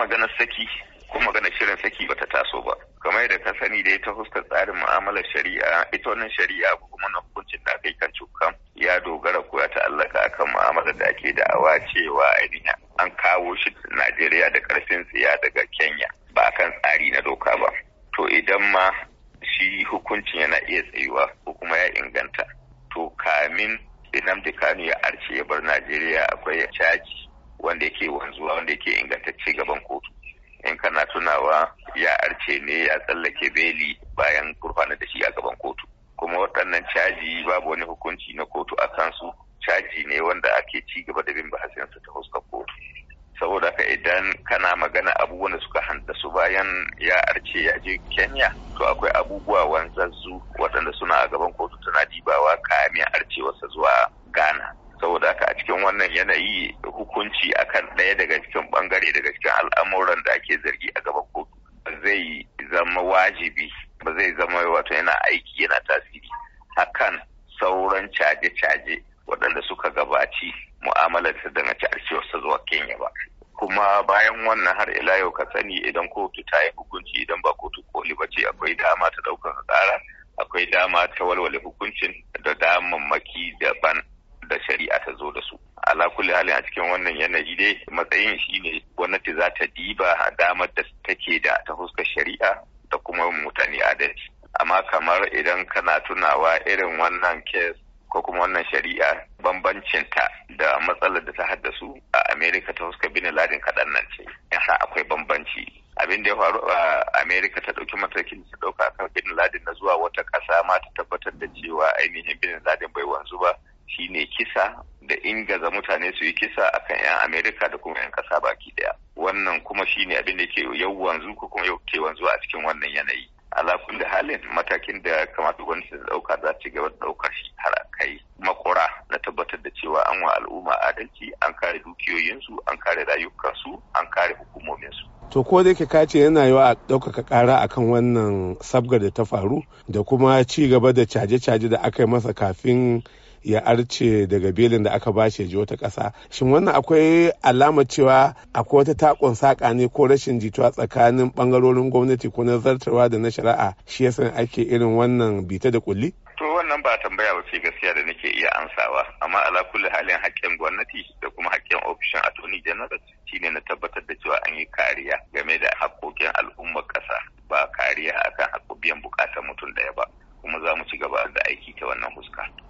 maganar saki ko maganar shirin saki bata taso ba kamar yadda ka sani da ta fuskar tsarin mu'amalar shari'a ita wannan shari'a ko kuma na hukuncin da kai kan ya dogara ko ya ta'allaka akan mu'amalar da ake da'awa cewa ainihin an kawo shi Najeriya da karfin tsiya daga Kenya ba kan tsari na doka ba to idan ma shi hukuncin yana iya tsayuwa ko kuma ya inganta to kamin Nnamdi Kanu ya arce ya bar Najeriya akwai caji wanda yake wanzuwa wanda yake ingantacce gaban kotu in kana tunawa ya arce ne ya tsallake beli bayan kurfana da shi a gaban kotu kuma waɗannan caji babu wani hukunci na kotu a kan su caji ne wanda ake ci gaba da bin bahasinsa ta fuskar kotu saboda haka idan kana magana abubuwan da suka hanta su bayan ya arce ya je kenya yanayi hukunci akan ɗaya daga cikin bangare daga cikin al'amuran da ake zargi a gaban kotu zai zama wajibi ba zai zama wato yana aiki yana tasiri akan sauran caje-caje waɗanda suka gabaci mu'amalar ta da na zuwa Kenya ba. Kuma bayan wannan har ila yau ka sani idan kotu ta yi hukunci idan ba kotu koli ba ce akwai dama ta ɗaukar ƙara, akwai dama ta walwale hukuncin da damammaki daban da shari'a ta zo da su ala kulli halin a cikin wannan yanayi dai matsayin shine gwamnati za ta diba damar da take da ta huskar shari'a da kuma mutane adalci amma kamar idan kana tunawa irin wannan kes ko kuma wannan shari'a bambancin ta da matsalar da ta haddasu a amerika ta fuska bin ladin kaɗan nan ce yasa akwai bambanci abin da ya faru a amerika ta ɗauki matakin su ɗauka kan bin ladin na zuwa wata ƙasa ma ta tabbatar da cewa ainihin bin ladin bai wanzu ba Shi ne kisa da ingaza mutane su yi kisa kan 'yan amerika da kuma 'yan kasa baki daya wannan kuma shine abin da ke yau wanzu ko kuma yau ke wanzu a cikin wannan yanayi Alakun da halin matakin da kamata gwamnati ta dauka za ta gaba da daukar shi har kai makora na tabbatar da cewa an wa al'umma adalci an kare dukiyoyinsu an kare rayukansu an kare hukumominsu to ko da yake ka ce yana yiwa a ɗaukaka ƙara akan wannan sabgar da ta faru da kuma ci gaba da caje-caje da aka yi masa kafin ya arce daga belin da aka bashi ya ji wata ƙasa shin wannan akwai alama cewa akwai wata takon saƙa ne ko rashin jituwa tsakanin ɓangarorin gwamnati ko na zartarwa da na shari'a shi yasa ake irin wannan bita da kulli to wannan ba tambaya ba ce gaskiya da nake iya ansawa amma ala kulli halin haƙƙin gwamnati da kuma haƙƙin ofishin attorney general shine na tabbatar da cewa an yi kariya game da haƙƙoƙin al'ummar ƙasa ba kariya akan haƙƙo biyan buƙatar mutum ɗaya ba kuma za mu ci gaba da aiki ta wannan fuska.